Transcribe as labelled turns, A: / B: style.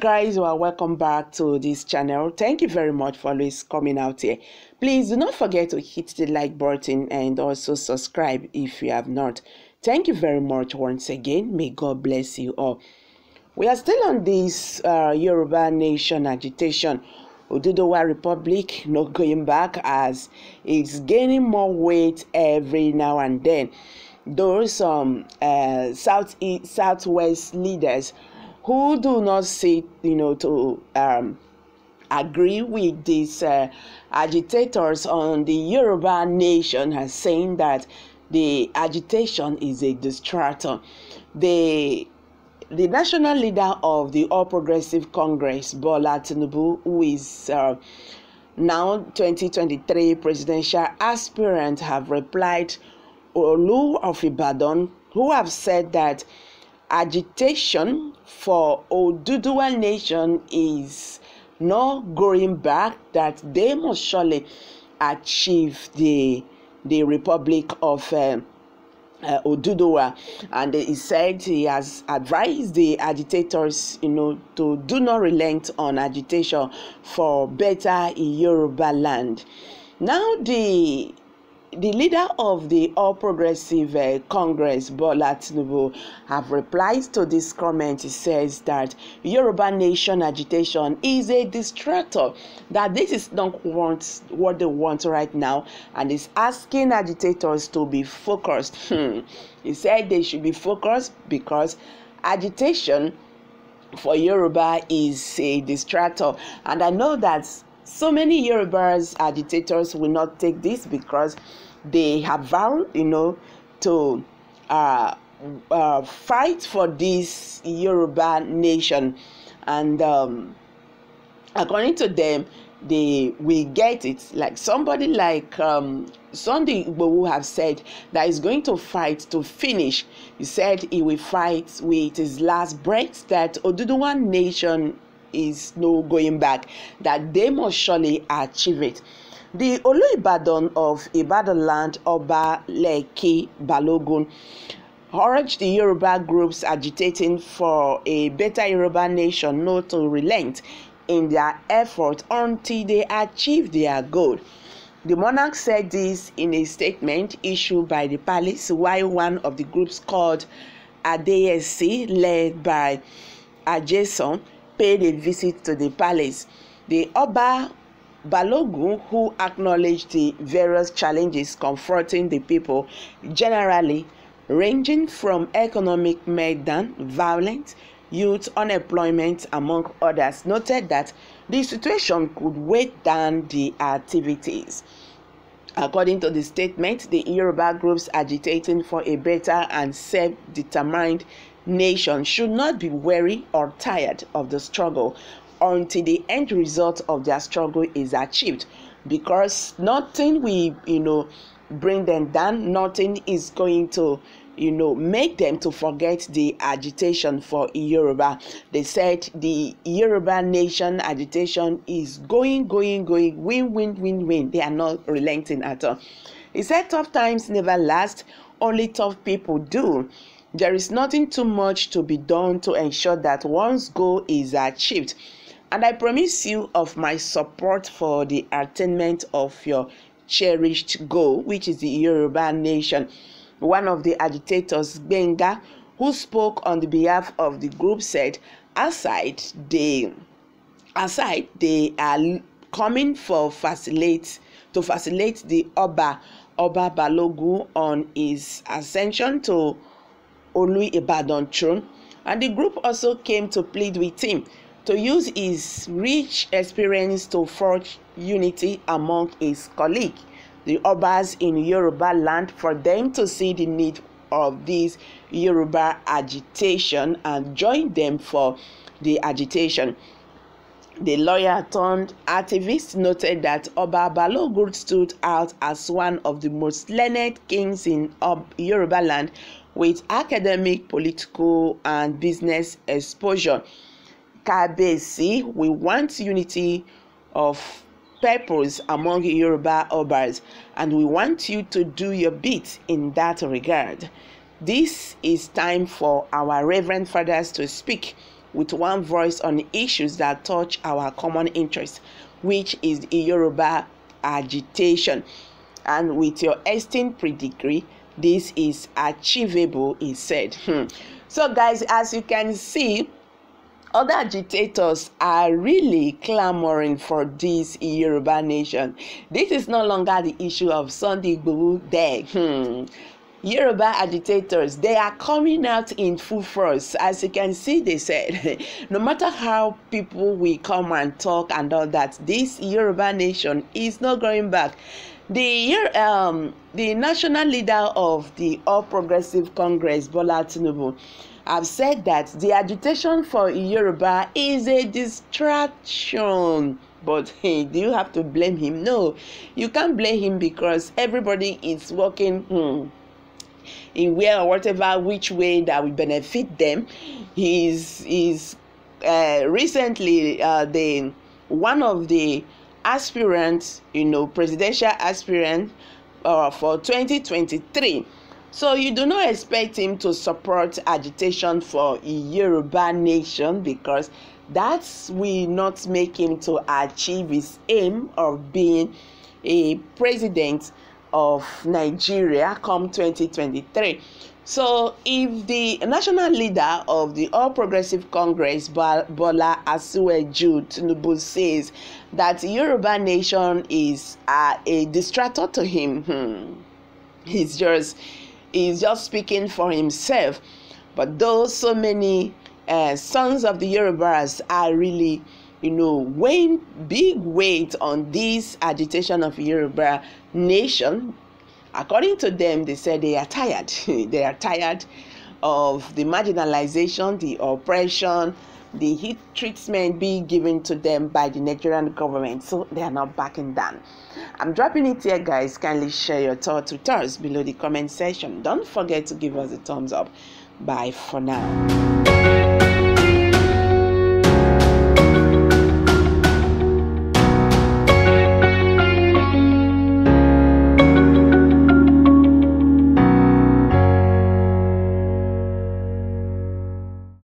A: guys well welcome back to this channel thank you very much for always coming out here please do not forget to hit the like button and also subscribe if you have not thank you very much once again may god bless you all we are still on this uh, yoruba nation agitation odudowa republic not going back as it's gaining more weight every now and then are some um, uh, south southwest leaders who do not sit, you know, to um, agree with these uh, agitators on the Yoruba nation has saying that the agitation is a distractor. The the national leader of the All Progressive Congress, Bola Tinubu, who is uh, now 2023 presidential aspirant, have replied Olu of Ibadan, who have said that agitation for Oduduwa nation is no going back that they must surely achieve the the Republic of um, uh, uh, Oduduwa, and he said he has advised the agitators, you know, to do not relent on agitation for better Yoruba land. Now the the leader of the All Progressive uh, Congress, Bola Tinubu, have replied to this comment. He says that Yoruba nation agitation is a distractor, that this is not want, what they want right now, and is asking agitators to be focused. Hmm. He said they should be focused because agitation for Yoruba is a distractor. And I know that so many Yoruba agitators will not take this because they have vowed, you know, to uh, uh, fight for this Yoruba nation. And um, according to them, they will get it. Like somebody like um, Sunday have said that he's going to fight to finish. He said he will fight with his last breath that Oduduwan nation is no going back, that they must surely achieve it. the Oluibadan of Ibadanland, Oba Leki Balogun, urged the Yoruba groups agitating for a better Yoruba nation not to relent in their effort until they achieve their goal. The monarch said this in a statement issued by the palace while one of the groups called Adeyesi, led by Ajason, paid a visit to the palace. The Oba Balogun, who acknowledged the various challenges confronting the people generally, ranging from economic meltdown, violence, youth unemployment, among others, noted that the situation could weigh down the activities. According to the statement, the Yoruba groups agitating for a better and self-determined nation should not be weary or tired of the struggle until the end result of their struggle is achieved because nothing will you know bring them down nothing is going to you know make them to forget the agitation for yoruba they said the yoruba nation agitation is going going going win win win win they are not relenting at all he said tough times never last only tough people do there is nothing too much to be done to ensure that one's goal is achieved and I promise you of my support for the attainment of your cherished goal, which is the Yoruba nation. One of the agitators, Benga, who spoke on the behalf of the group, said, aside they, aside they are coming for facilitate to facilitate the Oba, Oba Balogun on his ascension to Olu Ibadan throne, and the group also came to plead with him to use his rich experience to forge unity among his colleagues, the Obas in Yoruba land, for them to see the need of this Yoruba agitation and join them for the agitation. The lawyer turned activist noted that Oba Balogun stood out as one of the most learned kings in Yoruba land with academic, political, and business exposure. Kabesi, we want unity of purpose among Yoruba Obers, and we want you to do your bit in that regard. This is time for our Reverend Fathers to speak with one voice on issues that touch our common interest, which is Yoruba agitation. And with your esteemed pedigree, this is achievable, he said. Hmm. So, guys, as you can see, Other agitators are really clamoring for this Yoruba nation. This is no longer the issue of Sunday Igboho Day. Hmm. Yoruba agitators, they are coming out in full force. As you can see, they said, no matter how people will come and talk and all that, this Yoruba nation is not going back. The, um, the national leader of the All Progressive Congress, Bola Tinubu, have said that the agitation for Yoruba is a distraction. But hey, do you have to blame him? No, you can't blame him because everybody is working. Hmm, in where or whatever which way that will benefit them He's is uh, recently uh, the one of the aspirant you know presidential aspirant uh, for 2023 so you do not expect him to support agitation for a yoruba nation because that will not make him to achieve his aim of being a president of nigeria come 2023 So, if the national leader of the All Progressive Congress, Bola Asiweju Tinubu, says that Yoruba nation is uh, a distractor to him, hmm, he's just he's just speaking for himself. But though so many uh, sons of the Yorubas are really, you know, weighing big weight on this agitation of Yoruba nation, According to them, they said they are tired. they are tired of the marginalization, the oppression, the heat treatment being given to them by the Nigerian government. So they are not backing down. I'm dropping it here, guys. Kindly share your thoughts with us below the comment section. Don't forget to give us a thumbs up. Bye for now.